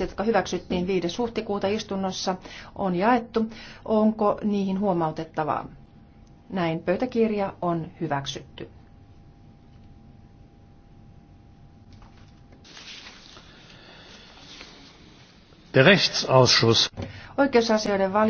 se, jotka hyväksyttiin 5. huhtikuuta istunnossa, on jaettu. Onko niihin huomautettavaa? Näin pöytäkirja on hyväksytty. Der Rechtsausschuss. Oikeusasioiden valio